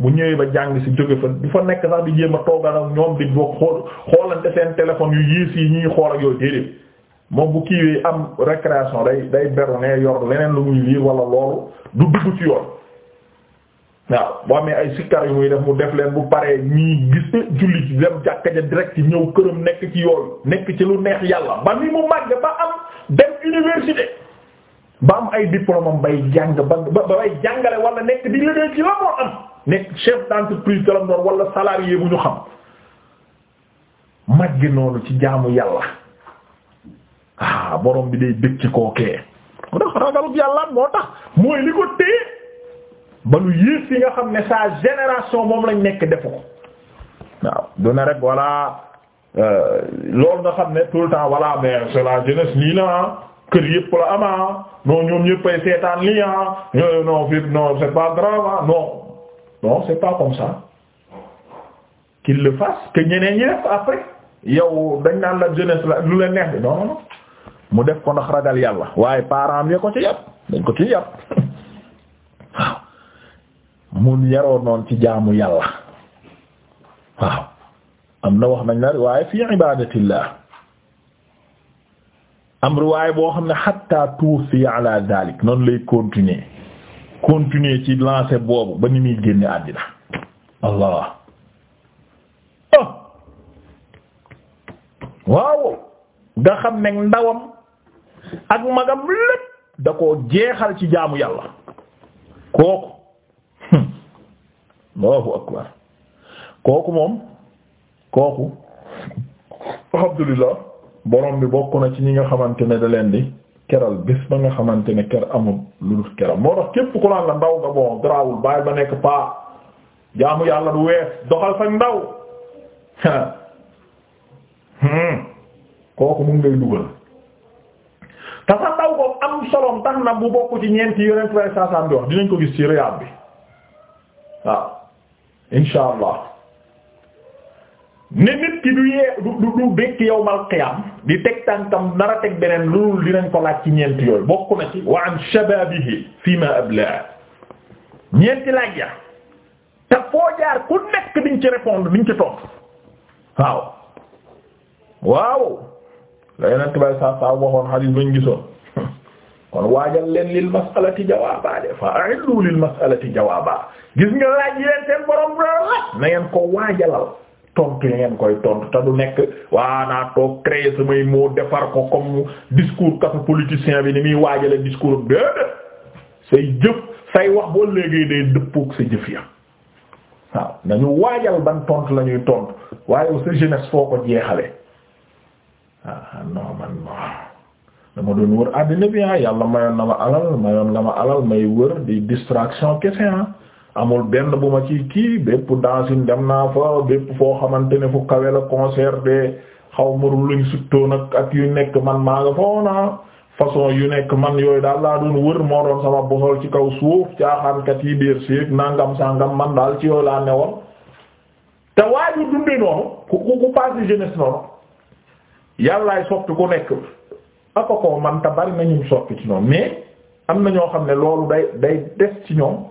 bu ñëwee ba jàng ci jóge fa du fa nekk sax di jéem a toogal ak ñoom di bokk xool xoolante seen téléphone yu yiis yi ñuy xool ak yooyu déedéet moom bu kiiwee am récréation day day beru ne yor leneen lu muy lii wala loolu du dugg ci yoon waaw boo amee ay sikkar yu muy def mu def leen bu paree ñii gis julli ci dem jàkka ja direct ci ñëw këram nekk ci yooyu nekk ci lu neex yàlla ba ni mu màgg ba am dem université ba am ay diplôme am bay jàng ba ba bay jàngale wala nekk chef d'entreprise galam doon wala salarié bu ñu xam magge noonu ci jaamu yàlla ah borom bi day bëgg ci kookee mu tax yàlla moo tax mooy li ko téye ba lu yées yi nga xam ne sa génération moom lañ nekk defu ko waaw du ne rek voilà euh, loolu nga xam ne tout le temps voilà mais la jeunesse lii na kër yëpp la ama non ñoom ñëpp seetaan lii ah non non c'est pas grave non. non c'est pas comme ça qu'il fasse que ñeneen ñi def après yow dañ naan la jeunesse la lu leen neex bi non non mu def ko ndax ragal yàlla waaye parents am ko ci yàpp dañ ko ci yàpp waaw mun yaroo noonu ci jaamu yàlla waaw am na wax nañ la riwaaye fi ibadatillah am riwaaye boo xam ne hatta tuufi ala dalik noonu lay continuer continuer ci lancé boobu ba ni muy génne àddina allah oh. waaw nga xam ne ndawam ak magam lépp da ko jeexal ci jaamu yàlla kooku hmm. allahu akbar kooku moom kooku alhamdulillah borom bi bokk na ci ñi nga xamante ne da leen di keral bés ba nga xamante ne ker amul lu dul keral moo tax képp ku la ndaw nga bon garaawul bàyyi ba nekk paa jaamu yàlla du wees doxal sax ndaw hmm. kooku mu ngay dugal te sa ndaw ko am solom tax na bu bokk ci ñeenti yonent lay saasaan bi wax dinañ ko gis ci riyaab bi waaw insha ne nit ki du yee du du bekk yawmal qiyaam di teg tànkam nar a teg beneen loolu dinañ ko laaj ci ñeenti yooyu bokk na ci wa an shababihi fi ma abla ñeenti laaj ya te waaw waaw saa saa waxoon xadiis bañ gisoon kon waajal leen lil mas'alati jawaaba de fa a'illu lil mas'alati jawaaba gis nga laaj yi leen seen borom na ngeen ko waajalal tontu yi ngeen koy tontu te du nekk waa naa toog créer samay moo defar ko comme discours katu politicien bi ni muy waajale discours déedéet say jëf say wax boo léegi day dëppook sa jëf ya waaw nañu waajal ban tontu la tontu waaye sa jeunesse foo ko jeexale ah non dama doon wër àddina bi ah yàlla mayoon na ma alal mayoon na ma alal may wër di distraction kese ah. amul benn bu ma ci kii bépp dansin dem naa fa bépp foo xamante ne fu kawe la concert de xaw maru luñ suttoon ak yu nekk man maa nga foona façon yu nekk man yooyu daal laa doon wër moo doon sama bosol ci kaw suuf caaxaankat yi biir sieg nangam sangam man daal ci yooyu laa newoon te waaju dunde noonu ku ku ku passé noonu yàllaay soppi ku nekk aka ko man te bari nañum soppi ci noonu mais am na ñoo xam ne loolu day day des ci ñoom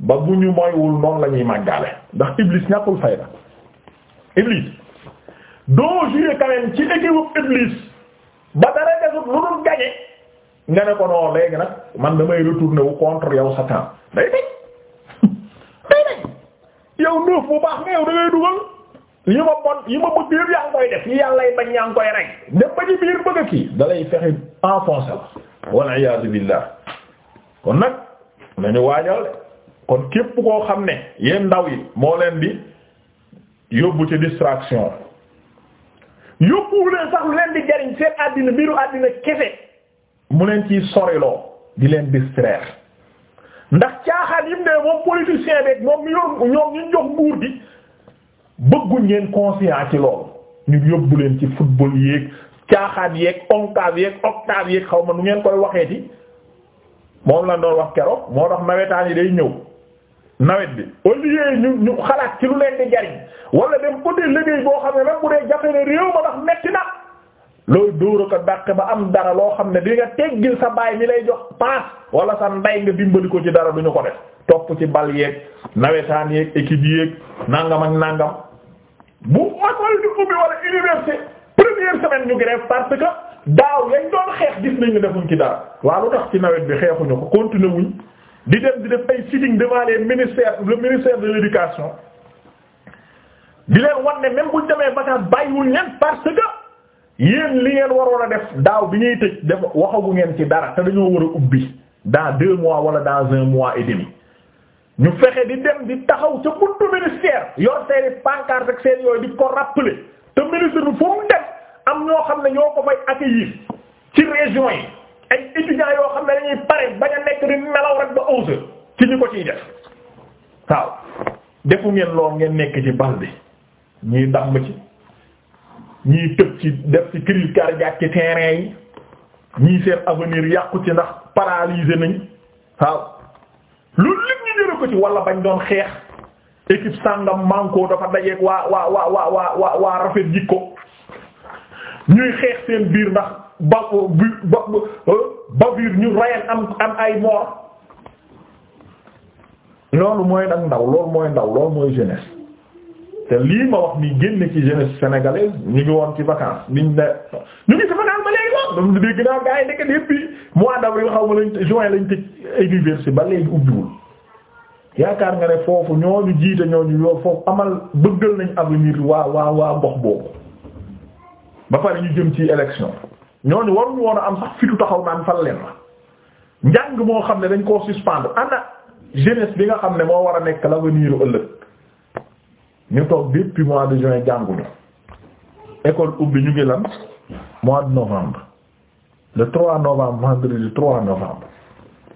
ba bu ñu moywul noonu la màggaale ndax Iblis ñàkkul fayda Iblis doo jouer quand ci équipe Iblis ba dara desut lu dul gañe nga ne ko non léegi nag man damay retourner wu contre yow Satan day dégg day dégg yow neuf bu baax nga yow da dugal yi ma bon yi ma bëgg yëpp yaa ngi koy def yi yi bañ bëgg kii da lay fexe la. wal iyaazu billah kon nag nañu waajal. kon képp koo xam ne yéen ndaw yi moo leen di yóbbu ci distraction yóbbuwuleen sax leen di jariñ seen àddina mbiru àddina kese mu leen ci soriloo di leen distraire ndax caaxaan yim ne moom politicien beeg moom ngeen conscient ci loolu yóbbu leen ci football yeeg caaxaan yeeg oncave yeeg xaw ma nu ngeen koy waxeeti moom la doon wax keroog moo tax nawetaan yi day ñëw. nawet bi au lieu ñu ñu xalaat ci lu leen di jariñ wala dem côté liggéey boo xam ne même bu dee jafe ne réew ma ndax metti na looy dóor ko dàq ba am dara loo xam ne di nga teggil sa baay mi lay jox paas wala sa nday nga dimbali ko ci dara du ko def topp ci bal yeeg nawetaan yeeg équipe yeeg nàngam ak nàngam bu école di ubbi wala université première semaine ñu grève parce daaw lañ doon xeex gis nañ ne defuñ ci dara waaw lu tax ci nawet bi xeexuñu ko continuer di dem di def ay sitting devant les le ministère de l'éducation di leen wan ne même buñ demee vacances bàyyiwuñ leen parce que yéen li ngeen waroon a def daaw bi ñuy tëj def waxagu ngeen ci dara te dañoo war ubbi daa deux mois wala daa un mois et demi ñu fexe di dem di taxaw ca buntu ministère yor seeni seen yooyu di ko rappeler te ministre bi fu mu am ñoo xam ne ñoo ko fay accueillir ci région yi ay étudiants yoo xam ne dañuy pare bañ a nekk di nelaw rek ba onze ci ñu ko ciy def waaw defu ngeen lool ngeen nekk ci bal bi ñii damm ci ñii tëb ci def ci crise cardiaque ci terrain yi ñii seen avenir yàqu ci ndax paralysé nañ waaw loolu lépp ñu jëre ko ci wala bañ doon xeex équipe sàngam manko dafa dajeeg waa waa waa waa waa waa rafet jikko ñuy xeex seen biir ndax ba ba bavure ñu rayal am am ay moor loolu mooy nag ndaw loolu mooy ndaw loolu mooy jeunesse lii ma wax ni génn ci jeunesse sénégalaise ñu ngi woon ci vacances biñ ba xaw ma lañ juin lañ tëj université ba nga ne foofu ñooñu jiite ñooñu yow foofu amal bëggal nañ avenir waa waa waa gox boobu ba pare ñu jëm ci élection ñooñu waruñu woon a am sax fitu taxaw naan fal leen njàng moo xam ne dañ koo suspendre ana jeunesse bi nga xam ne moo war a nekk l'avenir ëllëg ñu toog depuis mois de juin jànguñu école ubbi ñu ngi lan mois de novembre le 3 novembre vendredi 3 novembre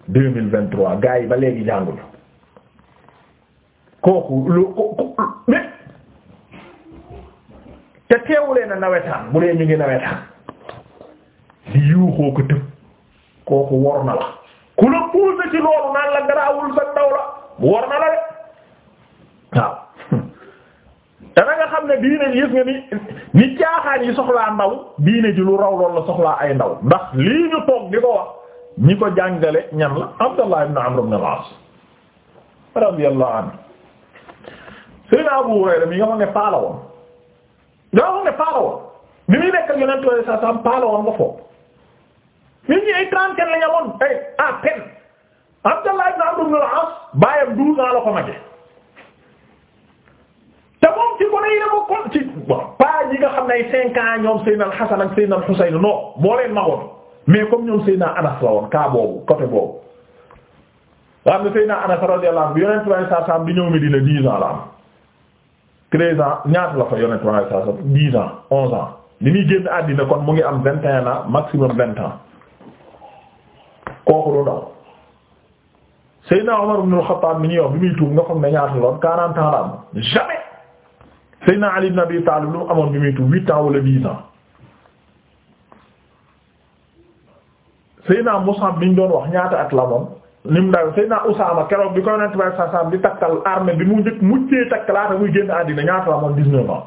2023 gars yi ba léegi jànguñu kooku lu ko mais te teewulee na nawetaan bu dee ñu ngi nawetaan. di yuuxoo ko tëb kooku wor na la ku la puuse ci loolu naan la garaawul sa ndaw la wor na la de waaw te na nga xam ne diine gis nga ni ni caaxaan yi soxlaa ndaw diine ji lu raw loolu la soxlaa ay ndaw ndax lii ñu toog di ko wax ñi ko jàngale ñan la Abdallah ibn Amr ibn al-As radiyallahu anhu Sayyidina Abu Hurayra mi nga xam ne paala woon nga xam ne paala woon bi muy nekk ak Yonent sallallahu alayhi wasallam paala woon nga ñun ñi ay trentaine la ñu amoon ay à peine Abdallah ibn Amr ibn al-As bàyyam douze ans la ko mage te moom ci gone yi la ko kon ci bon pas yi nga xam ne ay cinq ans ñoom Seydina al-Hasan ak Seydina al-Husayn non moo leen magoon mais comme ñoom Seydina Anas la woon cas boobu côté boobu. nga xam ne Seydina Anas radiyallahu anhu Yonent sallallahu alayhi wasallam di ñëw Medina dix ans la am treize ans ñaata la fa Yonent sallallahu alayhi wasallam dix ans onze kon mu ngi am vingt et un ans maximum vingt ans. kooku du daw Seydina Omar ibn al-Khattab mi ñuy wax bi muy tuub nga xam ne ñaata loon quarante ans la am jamais Seydina Ali ibn Abi Talib lu mu amoon bi muy tuub huit ans wala dix ans Seydina Mus'ab bi ñu doon wax ñaata at la moom ni mu daw Seydina Usaama keroog bi ko Yonent bi sallallahu alayhi wasallam di takkal armée bi mu njëkk muccee takk muy génn àddina ñaata la moom dix ans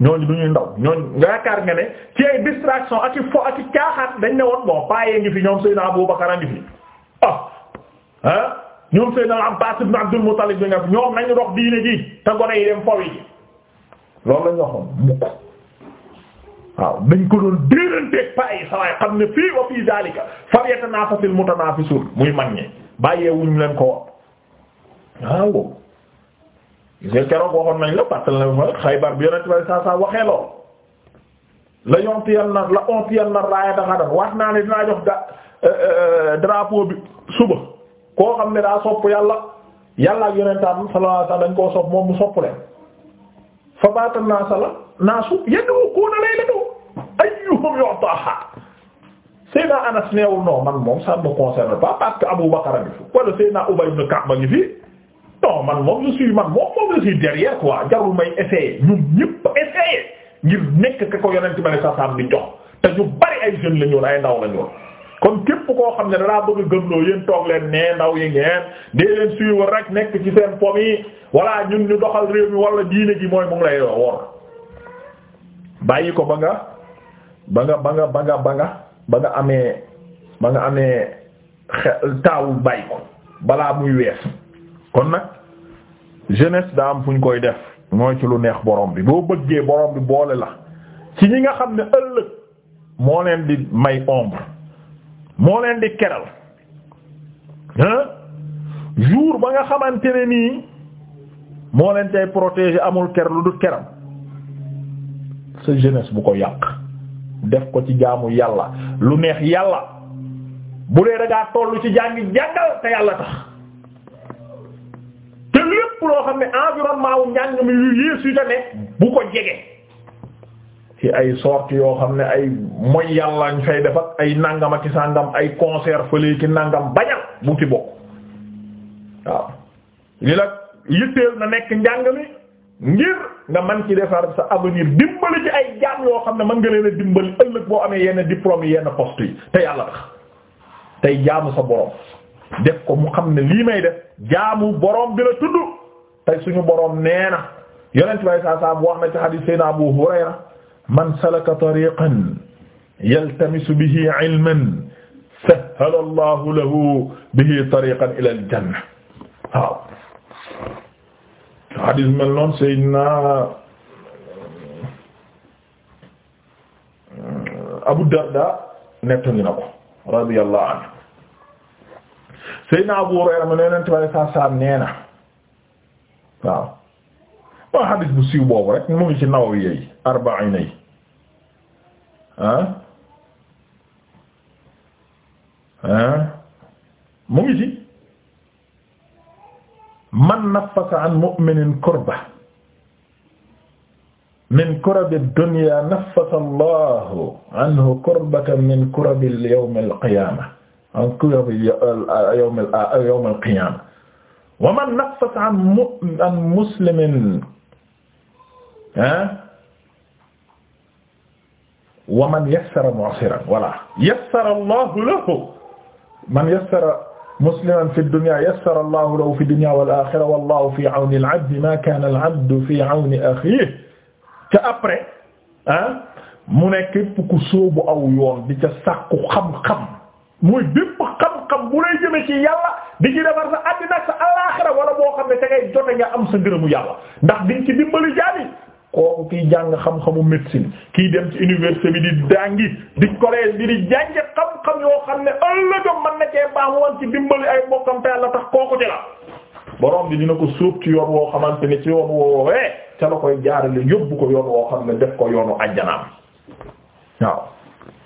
ñooñu du ñuy ndaw ñooñu nga yaakaar nga ne ci ay distraction ak i fo ak i caaxaat dañ ne woon bon bàyyee ngi fi ñoom Seydina Abu Bakar a ngi fi ah ah ñoom Seydina Abbas ibn bi nga fi ñoom nañu dox diine ji te gone yi dem faw yi loolu lañ waxoon mukk waaw dañ ko doon déeranteeg payi sawaay xam ne fii wa fii zalika falyatanafasil mutanafisun muy mag ñi bàyyee wuñ leen ko woon waaw gis nga keroog waxoon nañ la parce que la ma Xaybar bi yonent bi saa saa waxee lool la yontiyal na la ontiyal na raaya dafa def wax naa ne dinaa jox da euh, euh, drapeau bi suba koo xam ne daa sopp yàlla yàllaak ak yonentam sallallahu alayhi wasallam dañ koo sopp moom mu sopp leen fa baata naasa la naasu yéen a ko na lay la ñu ayyuhum yu'taha Seydina Anas neewul non man moom ça ne pas parce Abu Bakr a ngi fi wala Seydina Ubay ibn Ka'b a ngi fi. non man moom je suis man moom moom je suis derrière quoi jarul may essayer ñun ñëpp essayer ngir nekk ka ko yonent ba ne sa di jox te ñu bari ay jeunes la ay ndaw la kon képp koo xam ne da daa bëgg gëmloo yéen toog leen nee ndaw yi ngeen dee leen suivre rek nekk ci seen pom walla ñun ñu doxal réew mi wala diine gi mooy mu ngi lay bàyyi ko ba nga ba nga ba nga ba nga ba nga ba nga amee ba nga amee xe taawul bàyyi ko balaa muy wees kon nag jeunesse daa am fu ñu koy def mooy ci lu neex borom bi boo bëggee borom bi boole la ci ñi nga xam ne ëllëg moo leen di may ombre moo leen di keral hein jour ba nga xamante ne nii moo leen tay protéger amul ker lu du keram sa jeunesse bu ko yàq def ko ci jaamu yàlla lu neex yàlla bu dee da tollu ci jàngi jàngal te yàlla tax loo xam ne environnement wu njàng mi yu yées yu ca ne bu ko jege ci ay sorties yoo xam ne ay moy yàlla ñu fay def ak ay nangam ak sàngam ay concert fële ki nangam bañal bu ci bokk waaw li la yitteel na nekk njàng mi ngir nga man ci defar sa avenir dimbali ci ay jaam yoo xam ne mën nga leen a dimbali ëllëg boo amee yenn diplôme yi yenn poste yi te yàlla tax tey jaamu sa borom def ko mu xam ne lii may def jaamu borom bi la tudd tey suñu boroom nee na yonent bi saa saa bu wax na ci hadith sayna Abu Hurayra man salaka tariqan yaltamisu bihi ilman sahhala Allahu lahu bihi tariqan ila al-janna waaw hadith mel noon sayna hmm, Abu Darda nettali na ko radiyallahu anhu sayna Abu Hurayra ma yonent bi saa saa nee na waaw moo xadis bu siiw boobu rek mu ngi ci Nawawi yi arbaina yi ah ah mu ngi ci man naffasa an mu'minin kurba min kurabi dunya naffasa Allahu anhu kurbatan min kurabi yawm al-qiyamah an kurabi yawm al-qiyamah wa man naffasa an mu an muslimin ah wa man yassara mu'siran voilà yassara Allahu lahu man yassara musliman fi dunya yassara Allahu lahu fi dunya wal akhirah wallahu fi awni al-'abdi ma kana al-'abdu fi awni akhihi ca après ah mu ne képp ku sóobu aw yoon di ca sàkku xam-xam muy bépp xam-xam bu lay jëme ci yàlla di ci defar sa àddina sa alaaxira wala boo xam ne te ngay jote nga am sa ngërëmu yàlla ndax di ci dimbali jaani kooku kiy jàng xam-xamu médecine kiy dem ci université bi di dangi di collège bi di jànge xam-xam yoo xam ne ëllëgam mën na cee baax woon ci dimbali ay mbokkam te tax kooku ci la borom bi dina ko suuf ci yoon woo xamante ni ci yoon woowee ca la koy jaarale yóbbu ko yoon woo xam ne def ko yoonu ajjanaam waaw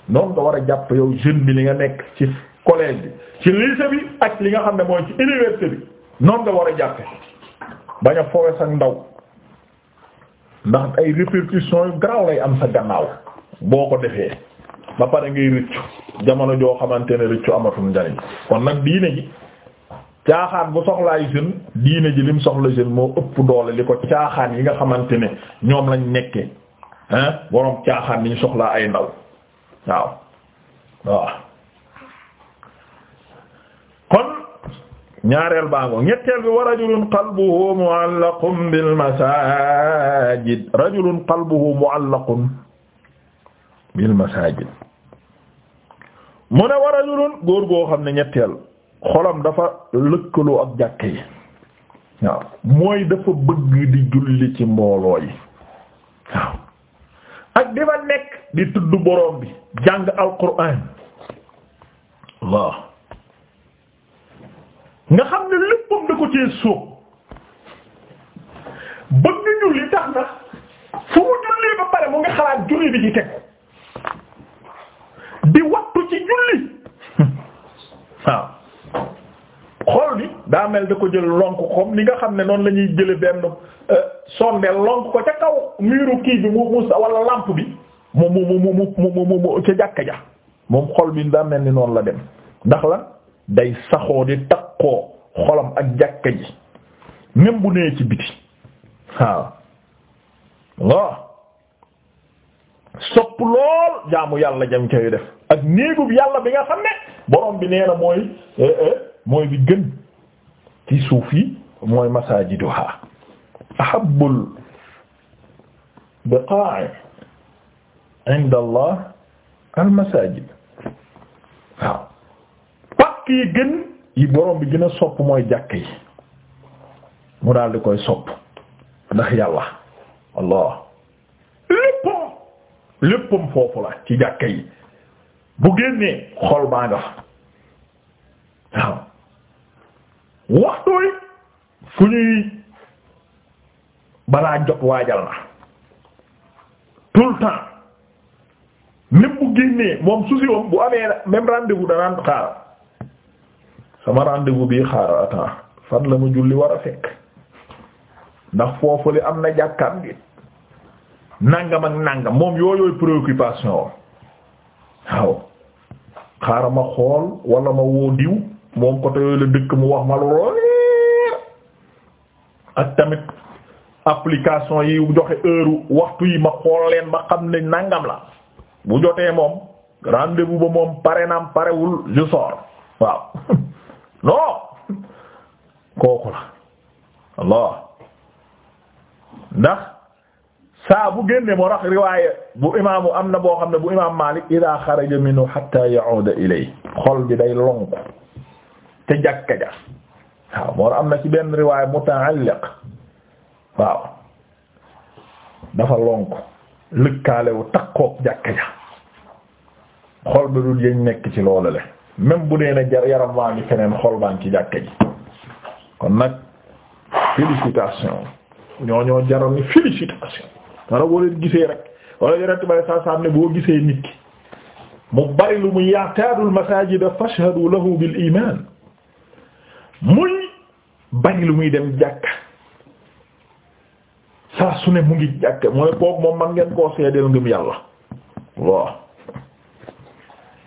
noonu nga yow li nga nekk collège bi ci lycée bi ak li nga xam ne mooy ci université bi noonu nga war a jàppe bañ a foowe sa ndaw ndax ay répercussions yu garaaw lay am sa gannaaw boo ko defee ba pare ngay rëccu jamono joo xamante ne rëccu amatul njariñ kon nag diine ji caaxaan bu soxlaay jeune diine ji lim soxla jën moo ëpp doole li ko caaxaan yi nga xamante ne ñoom lañ nekke hein boroom caaxaan ni ñu soxlaa ay ndaw waaw waaw ñaareel baango ñetteel bi wa rajulun qalbuhu mu'allaqun bil masajid rajulun qalbuhu mu'allaqun bil masajid mu ne wa rajulun góor goo xam ne ñetteel xolam dafa lëkkaloo ak jàkk yi mooy dafa bëgg di julli ci mbooloo yi ak di fa nekk di tudd boroom bi jàng alquran waaw nga xam ne léppam da ko cee sóob bëgg julli tax na fu mu julli ba pare mu ngi xalaat julli bi ci teg di wattu ci julli waaw xool bi daa mel da ko jël lonk comme ni nga xam ne noonu la ñuy jële benn euh, sondeel lonk ko ca kaw miiru kii bi mu mus wala lampe bi mu mu mu mu mu mu mu ca jàkka ja moom xool bi daa mel ni noonu la dem ndax la day saxoo di takkoo xolam ak jàkka ji même bu nee ci biti waaw waaw sopp lool jaamu yàlla jam koy def ak néegub yàlla bi nga xam ne borom bi nee na mooy eh, eh, mooy bi gën ci suuf yi mooy masajiduha ahabbul biqa'i inda allah al masajid waaw jàkk yi gën yi borom bi gën a sopp mooy jàkk yi mu daal di koy sopp ndax yàlla allah léppam léppam foofu la ci jàkk yi bu génnee xol baa nga fa waaw waxtooy fu ñuy balaa jot waajal na tout temps même bu génnee moom susi moom bu amee même rendez-vous danaan dama rendez-vous bii xaaral attends fan la mu julli war a fekk ndax foofu li am na jàkkar bi nangam ak nangam moom yooyooy préoccupation waaw xaaral ma xool walla ma woo diw moom côté yooyu la dëkk mu wax ma lool ak tamit application yi joxe heure waxtu yi ma xool leen ba xam ne nangam la bu jotee moom rendez ba moom pare naam parewul je waaw non kooku la Allah ndax saa bu génne moo bu imaamu am na boo xam ne bu imaam Maalik idaa xaraja minhu hatta ya'uda ilay xol bi day lonk te jàkka am na ci benn riwaaye muta'alliq waaw dafa lonk lëkkaalewu takkook jàkka ja xol nekk ci loolu même bu dee na jar yaram waa ngi feneen xol baa ngi ci jàkka nag félicitation ñoo ñoo jaral ni félicitation dara boo leen gisee rek wala yonent bale saa saa ne boo gisee nit ki mu bari lu muy ya'taadul masaajida fashhadu lahu lu muy dem jàkka saa su ne mu ngi jàkka mooy kooku moom man ngeen koo seedeel ngëm yàlla waaw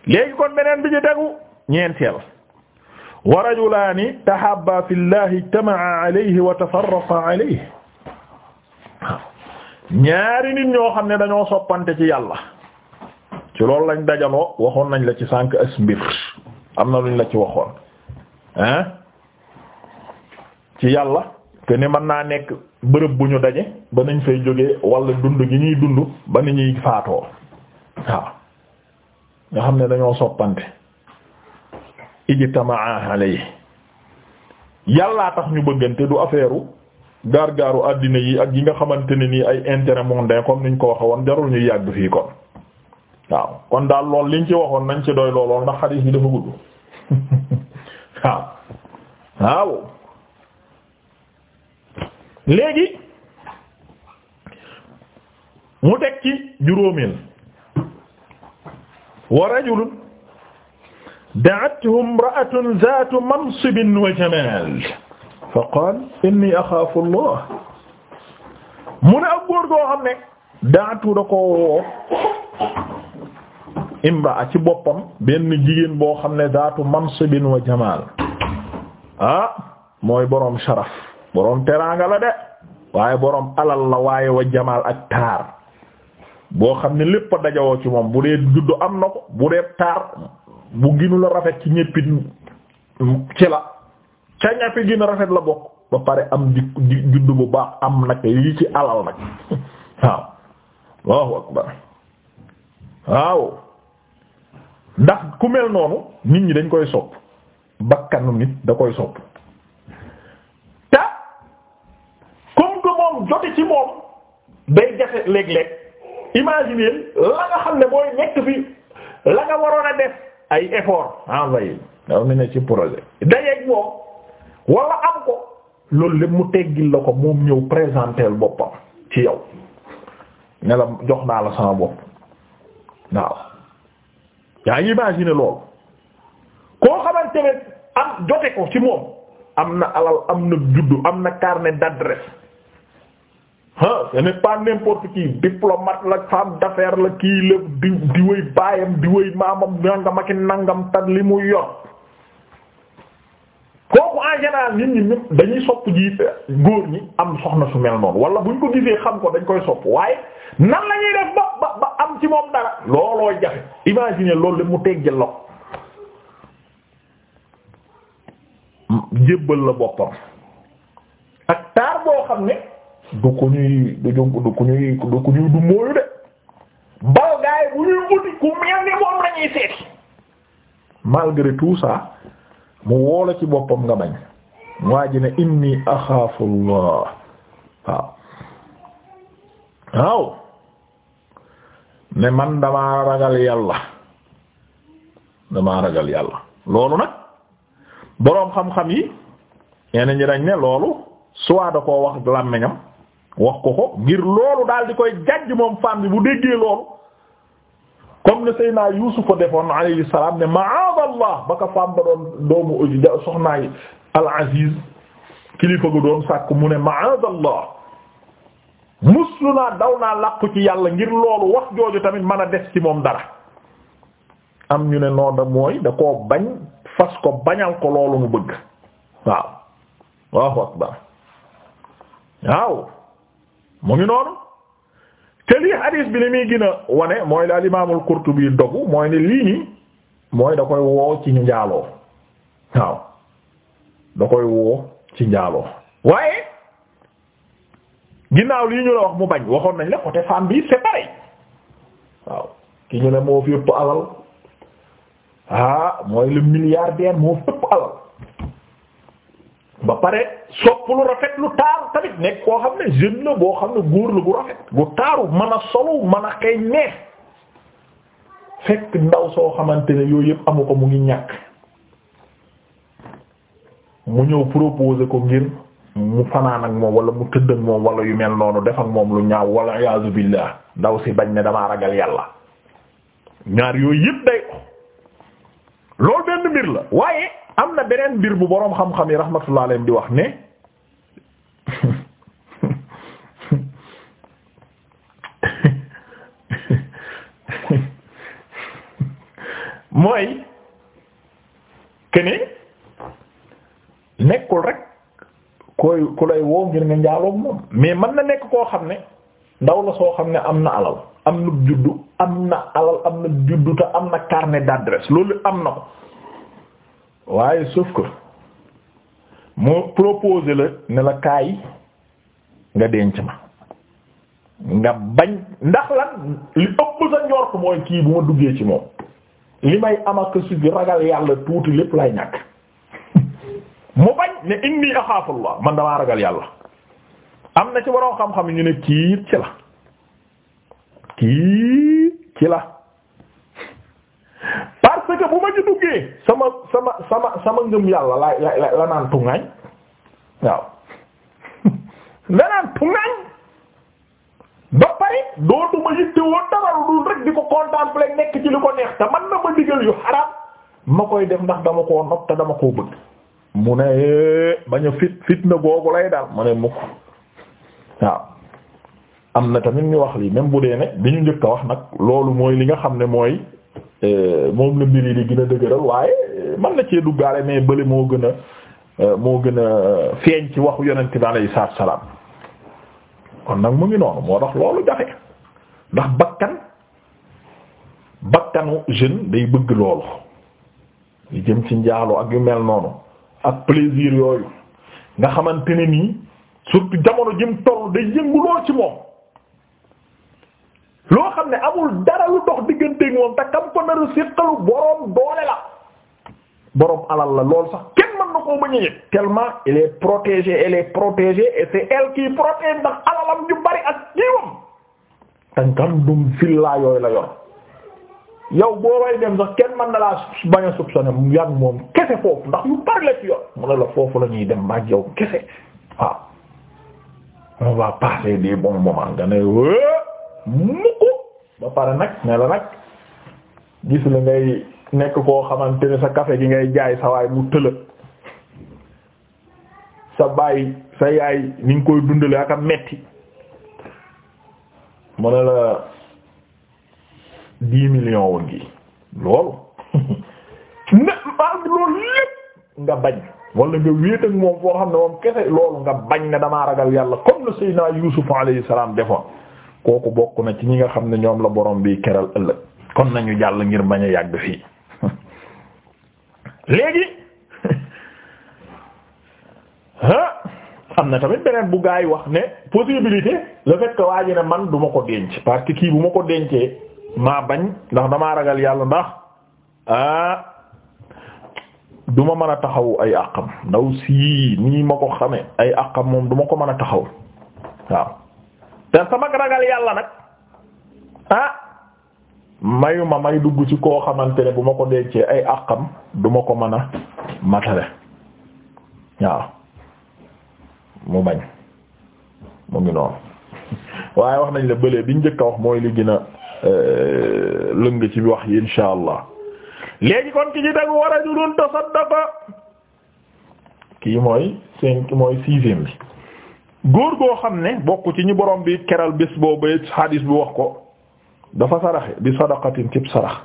léegi kon beneen bi ci tegu ñeenteel wa rajulaani tahabba fillahi ijtama'a alayhi wa tafarraqa alayhi ñaari nit ñoo xam ne dañoo soppante ci yàlla ci loolu lañ dajaloo waxoon nañ la ci sànq as mbir am na luñ la ci waxoon ah ci yàlla te ni mën naa nekk bërëb bu ñu daje ba nañ fay jóge walla dund gi ñuy dund ba ni ñuy faatoo waaw nga xam ne dañoo soppante ijtamaa alayhi yàllaa tax ñu bëggante du affaire gaar-gaaru àddina yi ak yi nga xamante ne nii ay intérêt mondain comme niñ ko waxe woon jarul ñu yàgg fii kon waaw kon daal lool liñ ci waxoon nañ ci doy loolool ndax xadiis bi dafa gudd waaw léegi mu teg ci juróomeel wa rajulun da'athu imra'atun zaatu mansibin wa jamaal fa inni axaafu Allah mu ne ak góor xam ne da'athu da koo woo ci boppam benn jigéen boo xam ne zaatu mansibin wa jamaal ah mooy boroom sharaf boroom teraanga de waaye boroom alal la waaye wa jamaal ak taar boo xam ne lépp a dajawoo ci moom bu dee am na ko bu taar bu ginu la rafet ci ñéppit ci la ca ñappi gën a rafet la bokk ba pare am di juddu bu baax am nag yi ci alal nag waaw Allahu akbar waaw ndax ku mel noonu nit ñi dañ koy sopp bakkanu nit da koy sopp te comme que moom jote ci moom day jafe léeg-léeg imaginer la nga xam ne mooy nekk fi la nga waroon a def ay effort envoyé dafa mel ne ci projet dajeeg moom wala am ko loolu lépp mu teggil la ko moom ñëw présenter boppam ci yow ne jox naa la sama bopp waaw yaa ngi loolu koo xamante ne am jote ko ci moom am na alal am na juddu am na carnet d'adresse ah ce n'est pas n'importe qui la femme d'affaires la kii la di di wéy baayam di wéy maamam nangam ak nangam tat li mu yor kooku en général nit dañuy sopp ji góor ñi am soxna su mel noonu wala buñ ko gisee xam ko dañ koy sopp waaye nan la ñuy ba ba ba am ci moom dara looloo jafe imagine loolu la mu teggeel la jébbal la boppam ak taar boo xam ne. du ku ñuy du ku ñuy du mooyu de bal gaay bu ñuy uti ku mel ni moom lañuy seeti malgré tout ça mu woola ci boppam nga bañ waa ji ne inni axaafu Allah waaw waaw ne man damaa ragal yàlla damaa ragal yàlla loolu nag boroom xam-xam yi ñenn ñi dañ ne loolu soit da ko wax làmmiñam wax ko ko ngir loolu daal di koy jàjj moom femme bi bu déggee loolu comme ne Seydina Yuusufa defoon alayhi ne ma'aadallah ba ko femme ba doon doomu soxnaay al kilifa gu doon sàkk mu ne ma'aadallah muslu naa daw naa làqu ci yàlla ngir loolu wax jooju tamit man a des ci moom dara am ñu ne noo da mooy da koo bañ fas ko bañal ko loolu mu bëgg waaw waaw waaw mu ngi noonu te lii hadis bi li muy gën wane mooy la Imaamul Qurtubi dogu mooy ne lii nii mooy da koy woo ci njaaloo waaw da koy woo ci njaaloo waaye ginnaaw lii ñu la wax mu bañ waxoon nañ la côté femme bi c'est waaw ki ñu ne moo fi ëpp alal ah mooy le milliardaire moo fi ëpp alal ba pare sopp lu rafet lu taaru tamit nekk koo xam ne jeune la boo xam ne góor la bu rafet bu taaru mën a solo mën a xëy neex fekk ndaw soo xamante ne yooyu yëpp amu ko mu ngi ñàkk mu ñëw proposer ko ngir mu fanaan ak moom wala mu tëdd ak moom wala yu mel noonu def moom lu ñaaw wala iyaazu billah ndaw si bañ ne damaa ragal yàlla ñaar yooyu yëpp day loolu benn mbir la waaye am na beneen mbir bu boroom xam-xam yi rahmatullah alayhi di wax ne mooy kene nekkul rek koy ku lay woo ngir nga njaaloog moom mais mën na nekk koo xam ne ndaw la soo xam ne am na alal am na juddu am na alal am na juddu te am na carnet d'adresse loolu am na ko waaye sauf que mu proposé la ne la kaay nga denc ma nga bañ ndax lan li ëpp sa njort mooy kii bu ma duggee ci moom li may amaka sugi ragal yàlla tuuti lépp lay ñàkk mu bañ ne inni axaafullah man damaa ragal yàlla am na ci waroo xam-xam ñu ne kii ci la kii ci la que bu ma ci duggee sama sama sama sama ngëm yàlla la la naan tuŋaañ waaw la naan tuŋaañ ba pare dootuma yittewoo dara lu dul rek di ko contempler nekk ci li ko neex te man na ma digal yu xaraam ma koy def ndax dama koo nopp te dama koo bëgg mu ne bañ a fit fitna googu lay daal mu ne mukk waaw am na tamit ñu wax lii même bu dee ne bi ñu njëkk a wax nag loolu mooy li nga xam ne mooy Euh, moom la mbir yi di gën a dëgëral waaye euh, man na cee duggaale mais bële moo gën a euh, moo gën a feeñ ci waxu yonent bi alayhi salaatu salaam kon nag mu ngi noonu moo tax loolu jafe ndax bakkan bakkanu jeune day bëgg loolu li jëm ci njaaloo ak yu mel noonu ak plaisir yooyu nga xamante ne nii surtout jamono jëm toll day yëngu lool ci moom xam ne amul dara lu dox digganteeg moom te kam ko naru siqalu boroom doole la boroom alal la loolu sax kenn mën na koo bañ a yëg tellement il est protégé elle est protégée et c'est elle qui protège ndax alalam ñu bari ak jiwam tangandum fillaa yooyu la yor yow boo way dem sax kenn mën na laa bañ a soupçonné mu yàgg moom kese foofu ndax yu bari la ci yor mu ne la foofu la ñuy dem maag yow kese waaw on va ba pare nag ne la nag gis la ngay nekk koo xamante ne sa café gi ngay jaay sa waay mu tëlëg sa baay sa yaay ni nga koy dundale ak a metti mu ne la dix millions woon gi loolu ne maam loolu lépp nga bañ wala nga wéet ak moom foo xam ne moom kese loolu nga bañ ne damaa ragal yàlla comme le Seydina Yuusuf alayhi salaam defoon kooku bokk na ci ñi nga xam ne ñoom la boroom bii keral ëllëg kon nañu jàll ngir bañ a yàgg fii léegi ah am na tamit beneen bu gaa yi wax ne possibilité le fait que ne man duma ko denc parce que kii bu ma ko dencee maa bañ ndax damaa ragal yàlla ndax ah mën a taxaw ay àqam ndaw sii nii ma ko xame ay àqam moom duma ko mën a taxaw waaw te sama ragal yàlla nag ah mayu ma may dugg ci koo xamante ne bu ma ko dencee ay àqam duma ko mën a matale waaw mu bañ mu ngi noonu waaye wax nañ la bële biñ njëkk a wax mooy li gën a euh, ci wax yi insha allah léegi kon ki ci dëgg war a jurul tasaddaqa kii mooy cinq mooy sixième bi góor goo xam ne bokk ci ñu borom bi keral bés boobu it xadis bi wax ko dafa saraxe bi sadaqatin cib sarax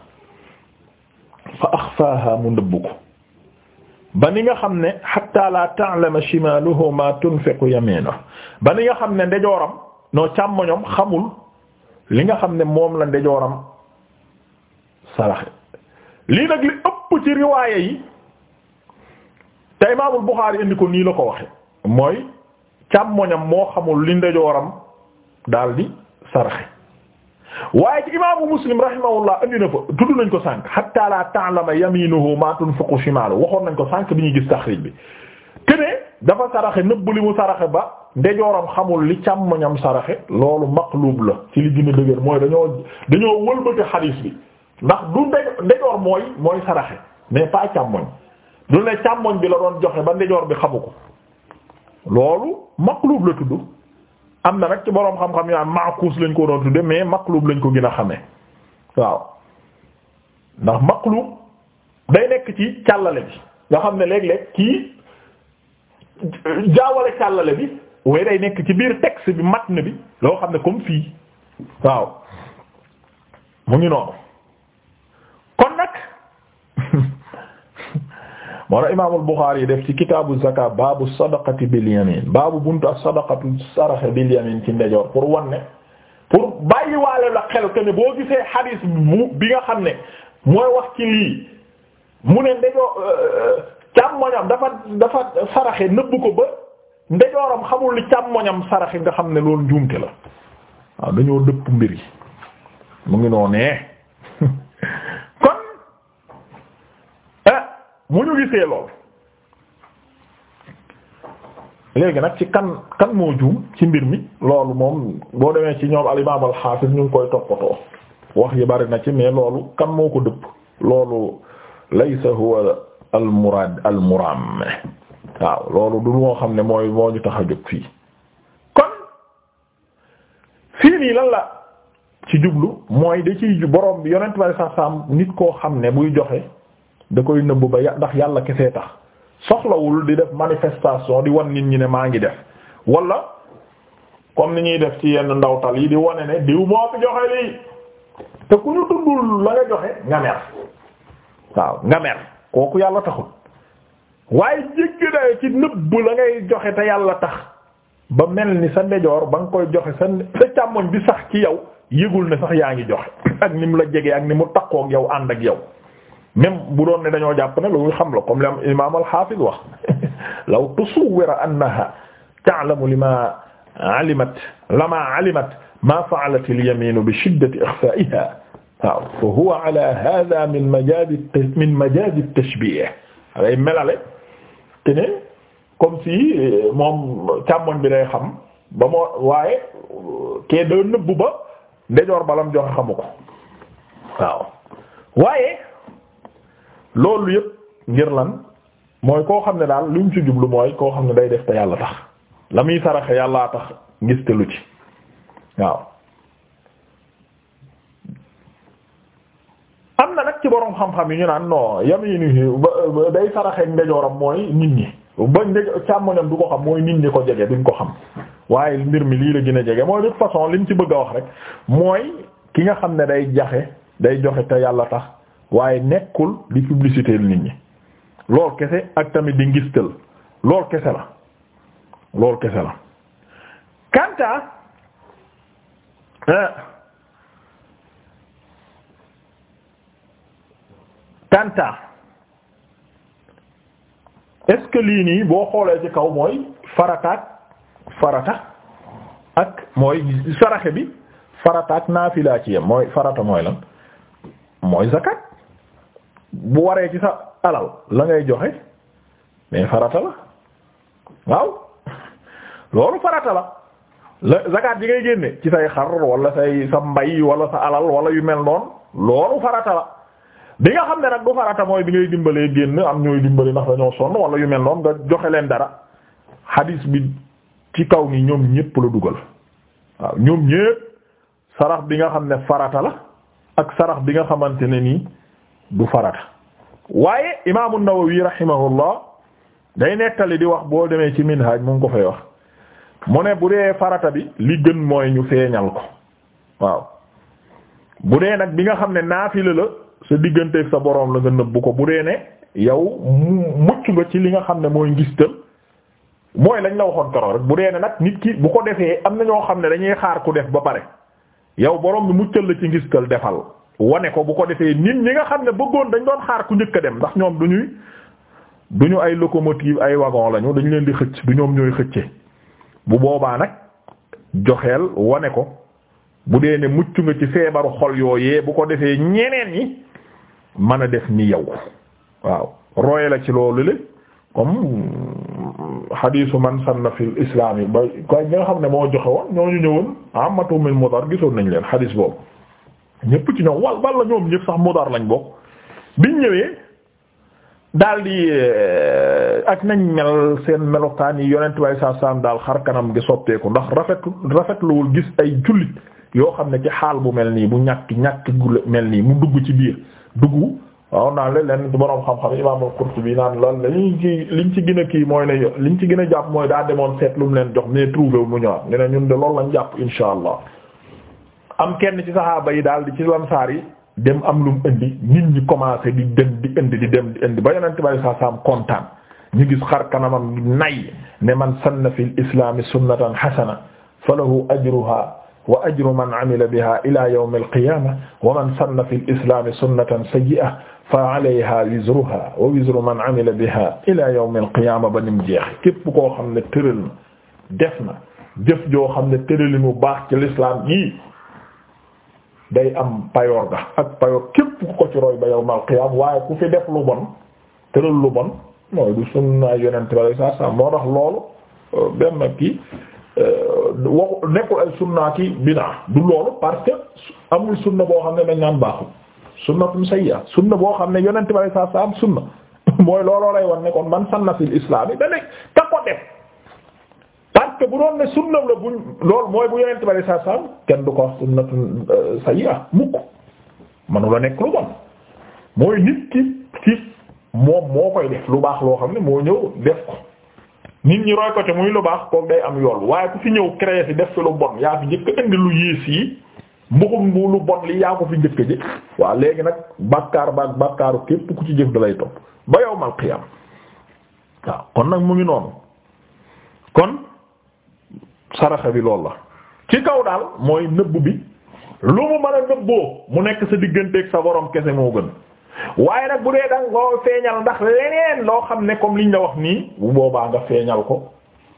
fa axfaaha mu ndëbb ko ba ni nga xam ne hatta la ta'lama shimaluhu ma tunfiqu yaminuhu ba ni nga xam ne ndejooram noo càmmoñom xamul li nga xam ne moom la ndejooram saraxe lii nag li ëpp ci riwaaya yi te imaamul Buxaari indi ko nii la ko waxe mooy càmmoñam moo xamul li ndeyjooram daldi saraxe waaye ci imaamu muslim rahimahullah andi na fa tudd nañ ko sànq hatta la ta'lama yaminuhu ma tunfiqu shimalu waxoon nañ ko sànq bi ñuy gis taxrij bi kene dafa saraxe nëbb li mu saraxe ba ndejooram xamul li càmmoñam saraxe loolu maqlub la ci li gën a mooy dañoo dañoo wëlbati xadiis bi ndax du nde ndejoor mooy mooy saraxe mais pas càmmoñ du ne càmmoñ bi la doon joxe ba ndejoor bi xamu ko loolu maqlub la tudd am na nag ci boroom xam-xam yaa maakuus lañ ko doon tudde mais maqlub lañ ko gën a xamee waaw ndax maqlub day nekk ci càllale bi nga xam ne léeg-léeg kii jaawale càllale bi way day nekk ci biir texte bi matn bi loo xam ne comme fii waaw mu ngi noonu moo tax imaamul Buxaari yi def ci kitaabu zakaat baabu sadaqati bil yamin baabu buntu sadaqatu saraxe bil yamin ci ndejoor pour wanne pour bàyyiwaale la xel que ne boo gisee xadiis bu bi nga xam ne mooy wax ci lii mu ne ndejoor euh, càmmoñam dafa dafa saraxe nëbb ko ba ndejooram xamul li càmmoñam saraxe nga xam ne loolu njuumte la waaw dañoo dëpp mbir yi mu ngi noonee mu ñu gisee lool léegi nag ci kan kan moo juum ci mbir mi loolu moom boo demee ci ñoom al imaam ñu ngi koy toppatoo wax yi bari na ci mais loolu kan moo ko dëpp loolu laysa huwa al muraad al muraam waaw loolu du moo xam ne mooy moo ñu tax a jóg fii kon fii nii lan la ci jublu mooy da ci boroom bi yonent bari sax saam nit koo xam ne buy joxe da koy nëbb ba ndax yàlla kese tax soxlawul di def manifestation di wan nit ñi ne maa ngi def wala comme ni ñuy def ci yenn ndawtal yi di wane ne diw moo fi joxe lii te ku ñu tuddul la nga joxe nga mer waaw nga mer kooku yàlla taxul waaye jéggi dayo ci nëbb la ngay joxe te yàlla tax ba mel ni sa ndejoor ba nga koy joxe sa sa càmmoñ bi sax ci yow yëgul ne sax yaa ngi joxe ak ni mu la jege ak ni mu takkoo ak yow ànd ak yow même bu doon ne dañoo jàpp ne lu xam la comme li am imaam al-Hafiz wax law tusawwara annaha ta'lamu lima alimat lama alimat ma fa'alat al-yamin bi shiddati ikhfa'iha waaw fa huwa ne comme si euh, moom càmmoñ bi day xam ba moo waaye euh, kee da nëbbu ba ndejoor balam joxe xamu ko waaw waaye loolu yëpp ngir lan mooy koo xam ne daal lu mu ci jublu mooy koo xam ne day def te yàlla tax la muy saraxe yàllaa tax ngis te lu ci waaw am na nag ci boroom xam-xam yi ñu naan non yaminu day saraxeek ndejooram mooy nit ñi ba ndej càmmoñam du ko xam mooy nit ñi ko jege duñ ko xam waaye mbir mi lii la gën a jege mooy de façon li mu ci bëgg a wax rek mooy ki nga xam ne day jaxe day joxe te yàlla tax waaye nekkul di publicité nit ñi lool kese ak tamit di ngistal lool kese la lool kese la kanta eh, kanta est-ce lii nii boo xoolee ci kaw mooy farataak farata ak mooy saraxe bi farataak naafilaa ci yam mooy farata mooy lan mooy zakat bu waree ci sa alal la ngay joxe mais farata la waaw loolu farata la la zakat yi ngay génne ci say xar wala say sa mbay wala sa alal wala yu mel noonu loolu farata la bi nga xam ne nag du farata mooy bi ngay dimbalee génn am ñooy dimbali ndax dañoo sonn wala yu mel noonu nga joxe leen dara hadis bi ci kaw ni ñoom ñépp la dugal waaw ñoom ñépp sarax bi nga xam ne farata la ak sarax bi nga xamante ne nii du farata waaye imaamu Nawawi rahimahullah day nettali di wax boo demee ci minhaj mu ngi ko fay wax mu ne bu dee farata bi li gën mooy ñu feeñal ko waaw bu dee nag bi nga xam ne naafila la sa digganteeg sa boroom la nga nëbbu ko bu dee yow mucc nga ci li nga xam ne mooy ngistal mooy lañ la waxoon keroog bu dee ne nag nit ki bu ko defee am na ñoo xam ne dañuy xaar ku def ba pare yow boroom bi mu muccal la ci ngistal defal wane ko bu ko defee nit ñi nga xam ne bëggoon dañ doon xaar ku njëkk a dem ndax ñoom du ñuy du ñu ay locomotive ay wagon lañu dañ leen di xëcc du ñoom ñooy xëcce bu boobaa nag joxeel wane ko bu dee ne mucc nga ci feebaru xol yooyee bu ko defee ñeneen yi mën a def ni yow waaw roye la ci loolu le comme xadiisu man sanna fil islam yi ba koy nga xam ne moo joxe woon ñooñu ñëwoon amatu min mudar gisoon nañ leen xadiis boobu ñëpp ci ñoom wal walla ñoom ñëpp sax Mudar lañ bokk biñ ñëwee daal daldi euh, ak nañ mel seen melokaan yi yonent way saa daal xar kanam gi soppeeku ndax rafet rafetluwul gis ay jullit yoo xam ne ci xaal bu mel nii bu ñàkk ñàkk gu mel nii mu dugg ci biir dugg waaw naa leen lenn boroom xam-xam imaam al-Qurtubi naan lool lañu ci liñ ci gën a kii mooy ne liñ ci gën a jàpp mooy daa demoon seet leen jox mais trouvé wu mu ñëwaat ñu ne ñun de loolu lañ jàpp insha allah am kenn ci saxaaba daal di ci lamsaar dem am lu mu indi nit ñi commencé di dem di indi di dem di indi ba yonent bi saa saam kontaan ñu gis xar kanamam nay ne man sanna fil islaami sunnatan hasana falahu ajruha wa ajru man amila biha ila yawm al-qiyamah wa man sanna fil islaami sunnatan sayyi'atan fa alayha wizruha wa wizru man amila biha ila yawm al ba nim jeex képp koo xam ne tëral na def na jëf ne tërali mu baax ci l'islam yi day am payoor ga ak payoor képp ku ko ci roy ba yawmal qiyaam waaye ku fi def lu bon tëral lu bon mooy du sunna yonent ba lay saa saa moo tax loolu euh, benn kii euh, waxu nekkul ay sunna ki binaa du loolu parce que amul sunna boo xam ne dañ naan baaxul sunnatun sayya sunna boo xam ne yonent ba lay saa saa am sunna mooy looloo lay wan nekkoon man sanna fil islaami da nekk ka ko def parce que bu doon ne sunna la buñ loolu mooy bu yonent bari saa saam kenn du ko wax sunnatu euh, sayyi'a mukk manu la nekk lu bon mooy nit ki ci moom moo koy def lu baax loo xam ne moo ñëw def ko nit ñi roy ko te muy lu baax kook day am yool waaye ku fi ñëw créer fi def fi lu bon yaa fi njëkk indi lu yées yi mbuxum bu lu bon li yaa ko fi njëkk ji waa léegi nag bàkkaar ba ak bàkkaaru ku ci jëf da lay topp ba yawmal qiyaam waaw kon nag mu ngi noonu kon saraxa bi loolu la ci kaw daal mooy nëbb bi lu mu mën a nëbboo mu nekk sa digganteeg sa borom kese moo gën waaye nag bu dee danga ko feeñal ndax leneen loo xam ne comme liñ la wax nii bu boobaa nga feeñal ko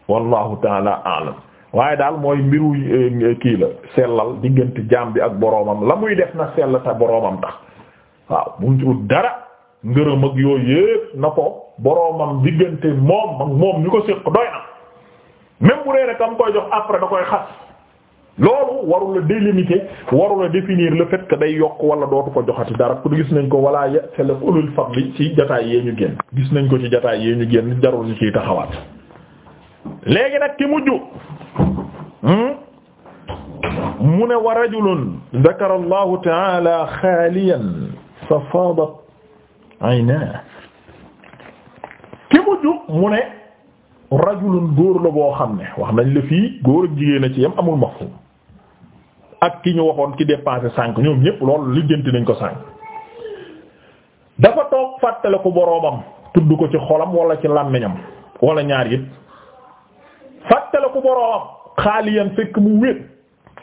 wallahu taala alam waaye daal mooy mbiru eh, kii la sellal diggante jaam bi ak boroomam la muy def na sell ta boroomam tax waaw buñ ci dara ngërëm ak yooyu yépp na ko boroomam diggante moom ak moom ñu ko séq doy na même bu dee rek am koy jox après da koy xas loolu warul la délimiter warul la définir day yokk wala dootu ko joxati dara pour gis nañ ko wala ya c'est le ci jataay yee ñu génn gis nañ ko ci jataay yee ñu génn jarul ñu ciy taxawaat léegi nag ki mujj hmm? mu ne wa rajulun dakara allahu taala xaaliyan fa faadat aynaa ki mujj mu ne rajulun góor la boo xam ne wax nañ la fii góor ak jigéen a ci yam amul mafhum ak ki ñu waxoon ki dépassé sànq ñoom ñëpp loolu lijjanti nañ ko sànq dafa toog fàttale ko boroomam tudd ko ci xolam wala ci làmmiñam wala ñaar yëpp fàttale ko boroomam xaaliyan fekk mu wéet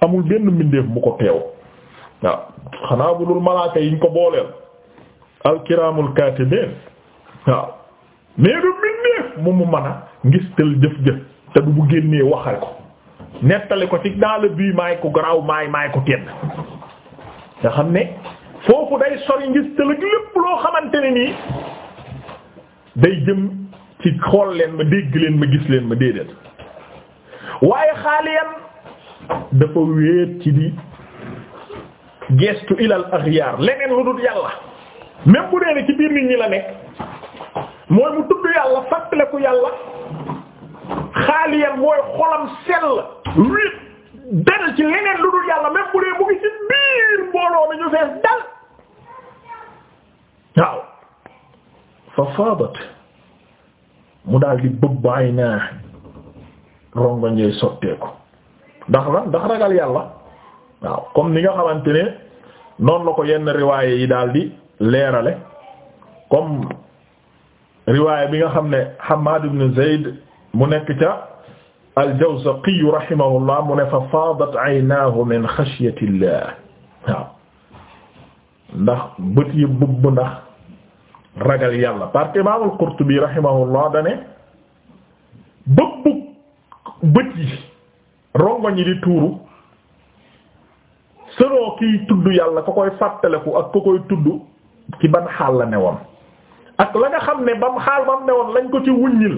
amul benn mbindeef mu ko teew waaw xanaa bu dul malaaka yiñ ko booleel alkiraamul kaatibeen waaw mais du mbindeef mu mu mën a ngistal jëf-jëf te bu bu génnee waxal ko nettali ko ci dans le but ko garaaw maay maay ko tedd nga xam ne foofu day sori ngistal ak lépp loo xamante ne nii day jëm ci xool leen ma dégg leen ma gis leen ma déedéet waaye xaaliyan dafa wéet ci di gestu ilal axyaar leneen lu dul yàlla même bu dee ci biir nit ñi la nekk mooy mu tudd yàlla fàttaliku yàlla xaaliyan mooy xolam sell wéet dara ci leneen lu dul yàlla même bu dee mu ci biir mbooloo mi ñu fees dal waaw fa mu daal di bëbb naa rongoñ yooyu sotteeku ndax la ndax ragal yàlla waaw comme ni nga xamante ne noonu la ko yenn riwaaye yi daal di leerale comme riwaaya bi nga xam ne Hammaad ibn Zayd mu nekk ca al-Jawzaqi rahimahullah mu ne fa faadat aynaahu min xashyati llah ndax bët yi bubb ndax ragal yàlla parce Imaam al-Qurtubi rahimahullah dane bëbbug bët yi rongoñ yi tuuru selon kiy tudd yàlla ko koy fàttaleku ak ka koy tudd ci ban xaal la ne ak la nga xam ne ba xaal bam ne woon lañ ko ci wuññil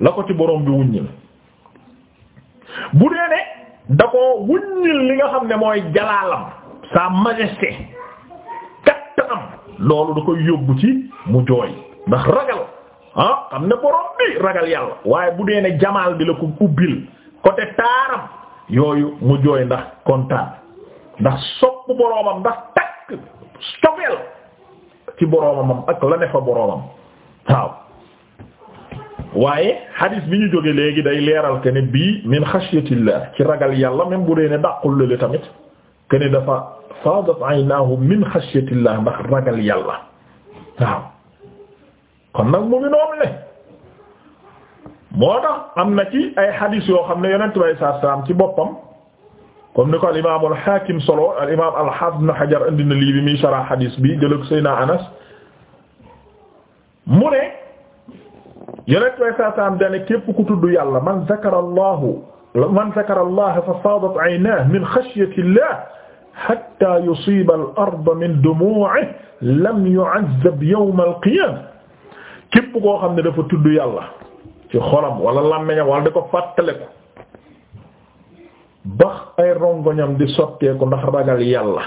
la ko ci boroom bi wuññil bu dee ne da ko wuññil li nga xam ne mooy jalaalam sa majesté kattanam loolu da koy yóbbu ci mu jooy ndax ragal ah, xam ne borom bi ragal yàlla waaye bu dee ne jamaal bi la ko ubbil côté taaram yooyu mu jooy ndax kontaan ndax sopp boromam ndax takk cofeel ci boromam ak la ne fa boromam waaw waaye hadis bi ñu jóge léegi day leeral ke bii min xashyatillah ci ragal yàlla même bu dee ne dàqul lële tamit ke ne dafa faadat aynaahu min xashyatillah ndax ragal yàlla waaw kon nag mu ngi noonu ne moo tax am na ci ay hadis yoo xam ne yonent bay saa saam ci boppam comme ni ko al imaam al Haakim solo al imaam al Haafiz Ibn Hajar indi na lii bi muy sarah hadis bi jëlee ko Seydina Anas mu ne yeneen way saasaam dane képp ku tudd yàlla man zakara Allahu man zakara Allah fa faadat aynaahu min xashyati Allah hatta yusiba al arda min dumuu'ihi lam yu'azzab yawma al qiyaama képp koo xam ne dafa tudd yàlla ci xolam wala làmmiñam wala di ko fàttaliku bax ay rongoñam di sotteeku ndax ragal yàlla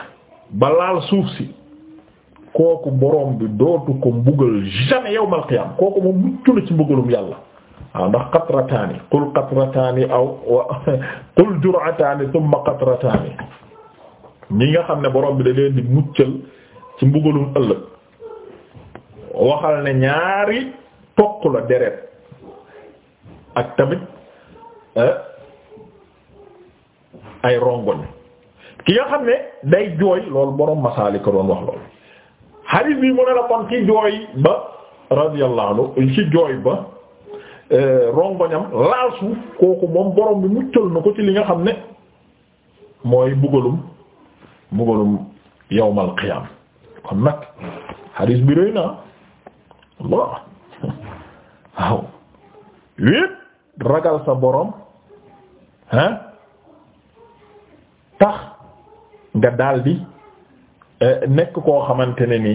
ba suuf si kooku borom bi dootu ko mbugal jamais yawmal qiyaam kooku moom muccu la ci mbugalum yàlla waaw ndax qatrataani qul qatrataani aw qul jur'ataani thumma qatrataani ñi nga xam ne borom bi da leen di muccal ci mbugalum ëllëg waxal ne ñaari toq la deret ak tamit eh, ay rongoñ ki nga xam ne day jooy loolu borom masaali ko doon wax loolu hadith bi mu ne la kon ci jooy ba radiyallahu anhu ci jooy ba eh, rongoñam laal kooku moom borom bi muccal na ko ci li nga xam ne mooy bugalum bugalum yawmal qiyaam kon nag hadith bi rëy naa Allah waaw wéet ragal sa boroom ah tax nga daldi euh, nekk koo xamante ne ni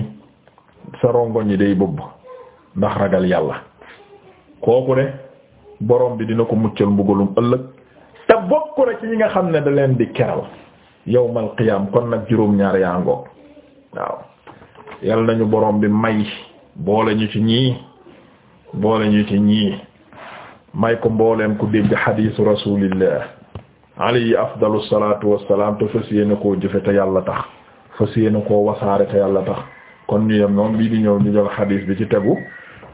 sa rongoñ yi day bëbb ndax ragal yàlla kooku de borom bi dina ko muccal mbugalum ëllëg te bokk na ñi nga xam ne da leen di keral yawmal qiyaam kon nag juróom-ñaar yaa ngoog waaw yal nañu borom bi may boole ñu ci ñii boole ñu ci ñii may ko mbooleem ku dégg xadiisu rasulillah alayhi afdalu salaatu wassalaam te fas yéene koo jëfe te yàlla tax fas yéene koo wasaare te yàlla tax kon ñu yem noonu bii di ñëw ñu jël xadiis bi ci tegu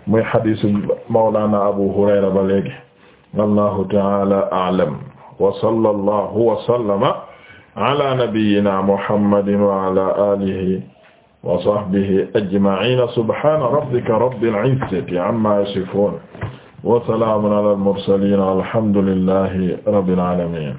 muy xadiisu mawlaana abu hurayra ba léegi wallahu ta'ala a'lam wa sallallahu wa sallama ala nabiyyina muhammadin wa ala alihi wa sahbihi ajma'in subhana rabbika rabbil izzati amma yasifun wa salaamun ala al mursalin alhamdulillahi rabbil alamin